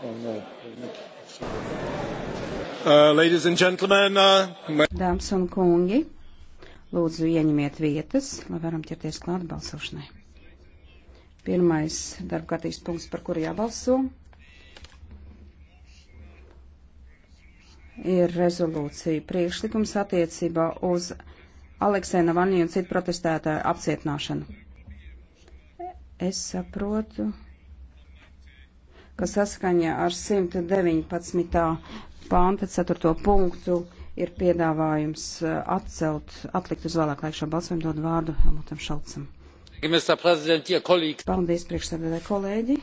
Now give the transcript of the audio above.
Uh, uh, Dāmas un kungi, lūdzu ieņemiet vietas, lai varam ķerties klāt balsošanai. Pirmais darbkārtības punkts, par kuru jābalso, ir rezolūcija priekšlikums attiecībā uz Aleksēna Vanī un citu protestētāju apcietināšanu. Es saprotu, kas saskaņā ar 119. pānta 4. punktu ir piedāvājums eh, atcelt, atlikt uz vēlāk laikšā balsojumu, dod vārdu Helmutam Šalcam. Paldies, priekšsēdētāji kolēģi!